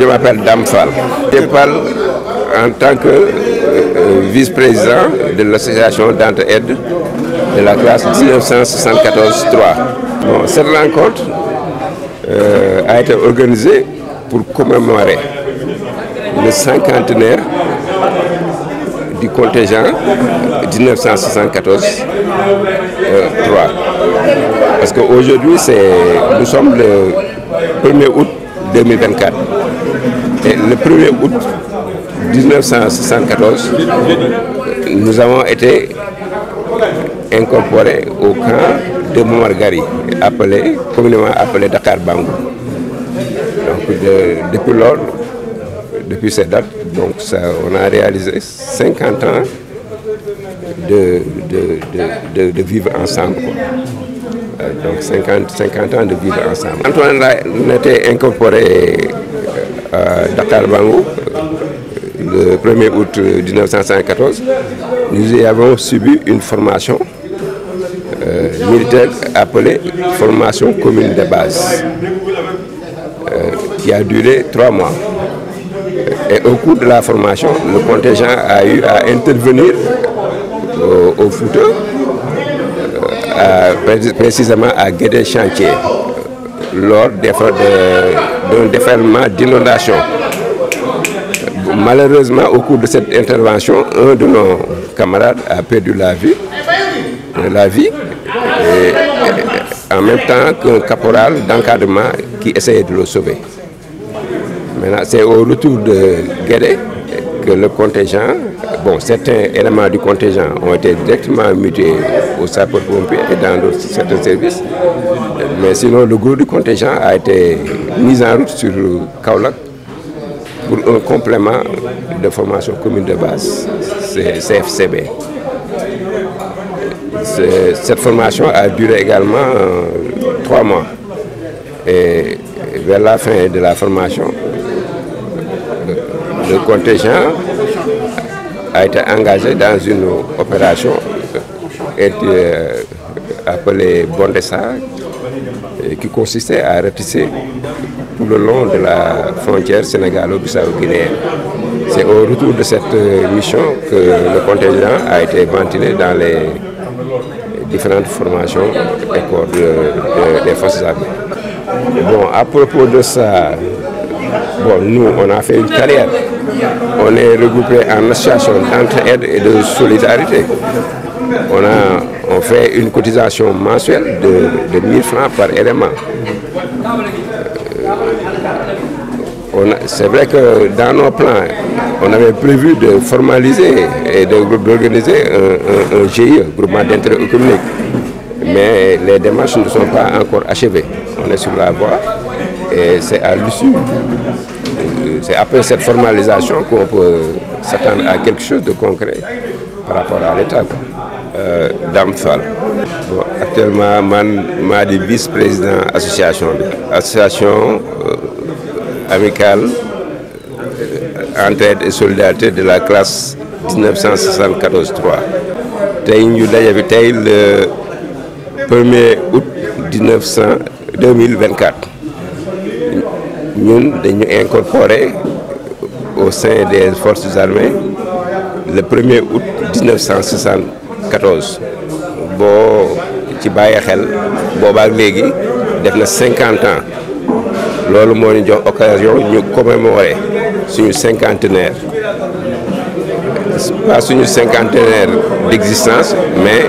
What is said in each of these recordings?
Je m'appelle Damfal. Je parle en tant que euh, euh, vice-président de l'association dante aide de la classe 1974-3. cette rencontre euh, a été organisée pour commémorer le cinquantenaire du contingent 1974-3. Parce qu'aujourd'hui, nous sommes le 1er août 2024 le 1er août 1974, nous avons été incorporés au camp de Montmargari, appelé, communément appelé Dakar Bangou. Donc depuis lors, depuis cette date, donc ça, on a réalisé 50 ans de, de, de, vivre ensemble. Euh, donc 50, 50 ans de vivre ensemble. Antoine, été incorporé à Bango, le 1er août 1914 nous y avons subi une formation euh, militaire appelée formation commune de base, euh, qui a duré trois mois. Et au cours de la formation, le contingent a eu à intervenir au, foot, euh, précisément à Guédé Chantier, lors des, de d'un déferlement d'inondation. Malheureusement, au cours de cette intervention, un de nos camarades a perdu la vie, euh, la vie en même temps qu'un caporal d'encadrement qui essayait de le sauver. Maintenant, c'est au retour de Guéret que le contingent, bon, certains éléments du contingent ont été directement mutés au sapeur pompiers et dans certains services, mais sinon le gros du contingent a été mis en route sur Kaolak pour un complément de formation commune de base, CFCB. Cette formation a duré également euh, trois mois. Et vers la fin de la formation, le contingent a été engagé dans une opération euh, euh, appelée Bondessa, euh, qui consistait à ratisser tout le long de la frontière sénégalo-bissau-guinéenne. C'est au retour de cette mission que le contingent a été ventilé dans les différentes formations et corps des forces armées. Bon, à propos de ça, bon, nous, on a fait une carrière on est regroupé en association d'entraide et de solidarité. On, a, on fait une cotisation mensuelle de, de 1000 francs par élément. Euh, c'est vrai que dans nos plans, on avait prévu de formaliser et d'organiser un, un, un, GIE, groupement d'intérêt économique. Mais les démarches ne sont pas encore achevées. On est sur la voie et c'est à l'issue c'est après cette formalisation qu'on peut s'attendre à quelque chose de concret par rapport à l'État. Euh, actuellement, je suis vice-président de l'association association euh, amicale euh, entraide et solidarité de la classe 1974-3. le 1er août 2024 nous sommes incorporé au sein des forces armées le 1er août 1974 Bo ci bàyyi xel 50 ans nous avons eu jox occasion commémorer ce cinquantenaire pas suñu cinquantenaire d'existence mais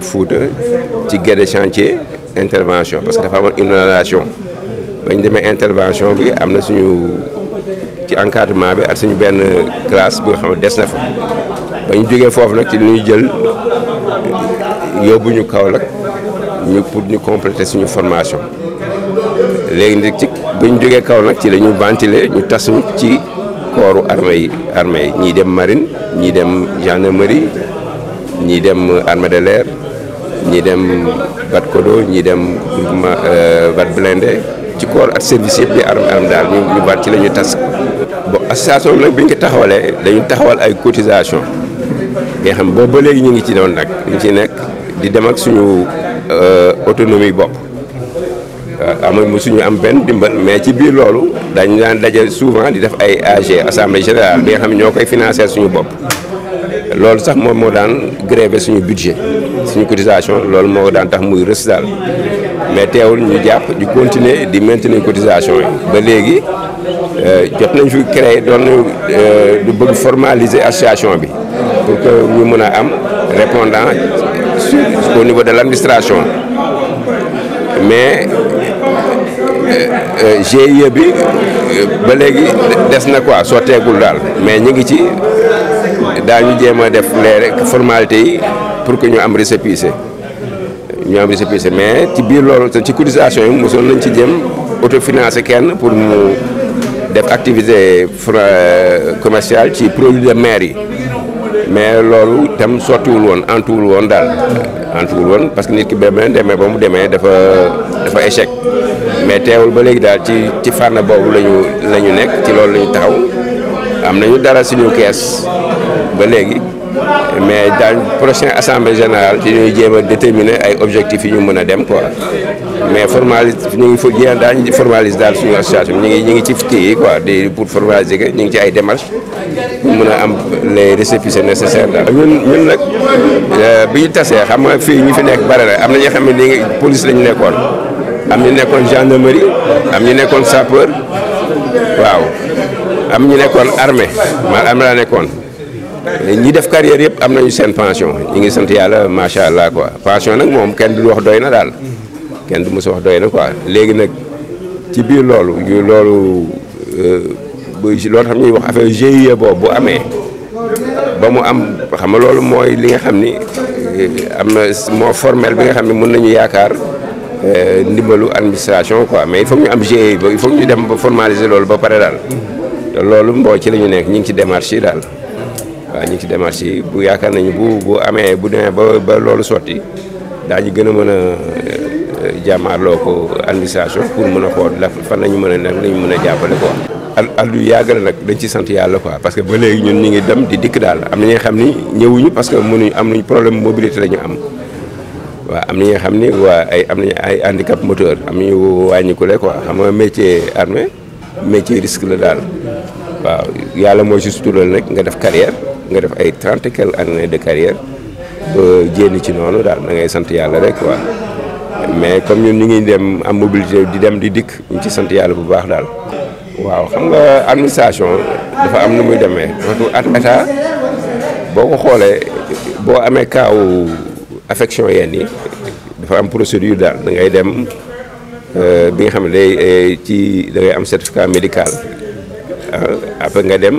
Fouta ci guerre chantier intervention parce que dafa amoon inondation bañ demee intervention bi amna suñu ci encadrement bi ak suñu ben classe bi nga xam dess des na fa bañ jógee foofu nag ci ñuy jël yobuñu kaw nak ñu pour ñu compléter suñu formation légui nit ci buñ kaw nak ci lañu ventiler ñu tas ci kooru armée armée ñi dem marine ñi dem gendarmerie ñi dem armée de l'air ñi dem bat kodo ñi dem groupement bat euh, blindé ci corps ak service yëpp di arm arm daal ñu ñu ci la ñu tas bon association nag bi ñu ko taxawalee dañu taxawal ay cotisation nga xam boobu ba léegi ñu ngi ci doon nag ñu ci nekk di dem ak suñu euh, autonomie bopp amuñ mu suñu am benn dimbal mais ci biir loolu dañu daan daje souvent di def ay AG assemblée général bi nga xam ne ñoo koy financer suñu bopp lol sax moom mo daan grévé suñu budget suñu cotisation loolu mo daan tax muy rës dal mais téwul ñu japp di continuer di maintenir cotisation yi ba léegi euh, jot nañ fi créer euh du bëgg formaliser association bi pour que ñu mëna am répondant au niveau de l' administration euh, euh GIE bi euh, ba légui des na quoi soo teegul dal mais ñi ngi ci dañu jema a def les formalités yi pour que ñu am récépissé ñu am récépissé mais ci biir loolu ci cotisation yi mosoon nañ ci jéem autofinancer kenn pour mu def activité euh, commerciale ci produit de mer yi mais loolu tam sottiwul woon antuwul woon daal antuwul woon parce que nit ki benn demee ba mu demee dafa dafa échec mais teewul ba léegi daal ci ci fànn boobu la ñu la ñu nekk ci loolu la ñu taxaw am nañu dara suñu kees ba léegi mais daan prochaine assemblée générale ci ñuy jéem a déterminer ay objectif yi ñu mën a dem quoi mais formalise ñu ngi fa jéem daañu formalise daal suñu association ñu ngi ñu ngi ci kii yi quoi di pour formaliser que ñu ngi ci ay démarche pour mën a am les récépissés nécessaires daal. ñun ñun euh, bi ñu tasee xam nga fii ñu fi nekk bare na am na ñoo xam ne nii police la ñu nekkoon am ñu nekkoon gendarmerie am ñu nekkoon sapeur waaw am ñu nekkoon armée man am laa nekkoon. ñi def carrière yëpp am nañu seen pension ñi ngi sant yàlla macha allah quoi pension nag moom kenn du wax doy na daal kenn du mos wax doy na quoi léegi nag ci biir loolu loolu euh, bu loolu xam ñuy wax affaire GIE boobu bu amee ba mu am xam nga loolu mooy li nga xam ni euh, am na moo formel bi nga xam ne mën nañu yaakaar euh, ndimbalu administration quoi mais il faut ñu am GIE ba il faut ñu dem ba formaliser loolu ba pare daal te loolu mboo ci la ñu nekk ñu ngi ci démarche yi daal. waa ñu ngi ci démarche yi bu yaakaar nañu bu bu amee bu demee ba ba loolu sotti daañu gën a mën a euh, jàmmaarloo ko administration pour mën a xool la fan la mën a nag la mën a jàppale ko al al yu nag dañ ci sant yàlla quoi parce que ba léegi ñun ñu ngi dem di dikk daal am na ñoo xam ni ñëwuñu parce que mënuñ am nañ problème mobilité la ñu am waaw am na ñu xam ni waa ay am nañu ay handicap moteur am nañu wàññikule quoi xam nga métier armé métier risque la daal waaw yàlla moo ci sutural nag nga def carrière nga def ay trente et quelques années de carrière ba jénn ci noonu daal da ngay sant yàlla rek quoi mais comme ñun ñu ngi dem am mobilité di dem di dikk ñu ci sant yàlla bu baax daal. waaw xam nga administration dafa am nu muy demee parce que état boo ko xoolee boo amee kaawu affection yenn yi dafa am procédure daal da ngay dem euh, bi nga xam ne day euh, ci da am certificat médical ah, après nga dem.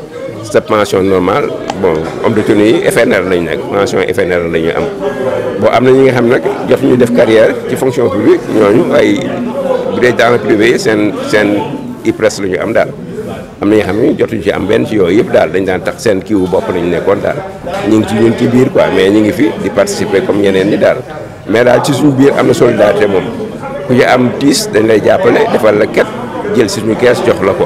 cette mention normale bon homme de tenue yi FNR lañ nekk mention FNR la am boo am na ñi nga xam nag jot ñu def carrière ci fonction publique ñooñu ay bu dee dans le privé seen seen IPRES la ñu am daal am na ñoo xam ne jotuñu ci am benn ci yooyu yëpp daal dañ daan tax seen kiiwu bopp lañu nekkoon daal ñu ngi ci ñun ci biir quoi mais ñu ngi fi di participer comme ñeneen ni daal mais daal ci suñu biir am na solidarité moom ku ci am tiis dañ lay jàppale defal la jël suñu kees jox la ko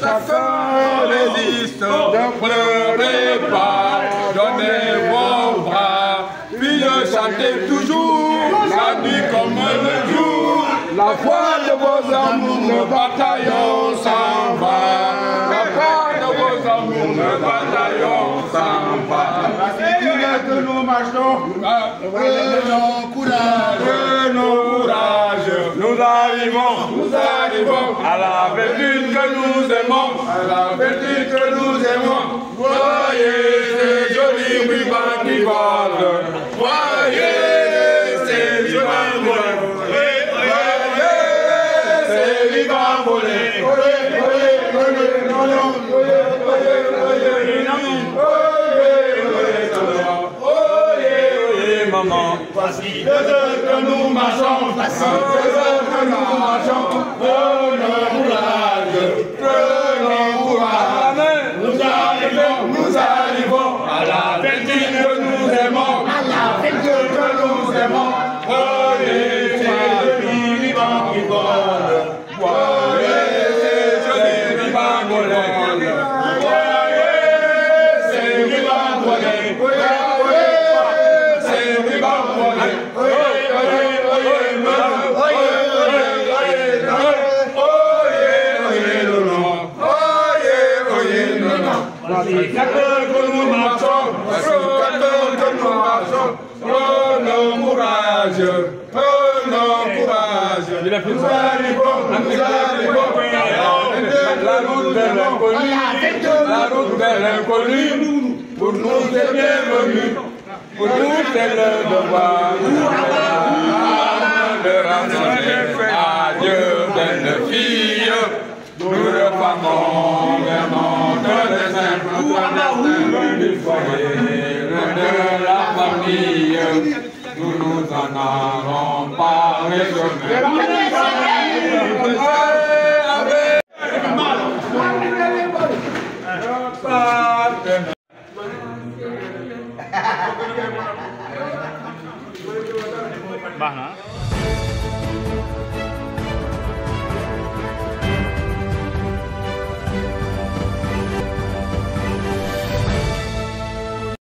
chacun résiste, ne pleurez pas, donnez vos bras, puis chantez toujours, la nuit comme le jour, la foi de vos amours, le bataillon s'en va, la foi de vos amours, le bataillon s'en va. que nous marchons, prenons ah. courage, prenons courage arrivons, nous arrivons à la vertu que nous aimons, à la vertu que nous aimons. Voyez ces jolis brigands qui volent, voyez facile. Le que nous marchons, facile. Le que nous mangeons, prenons courage, prenons courage. Nous arrivons, la route de l'inconnu, la route de l'inconnu, pour nous c'est bienvenu, pour nous c'est le devoir, de belle fille, nous ne vraiment de pour de la famille. Guru Tanarong to Guru Tanarong Pare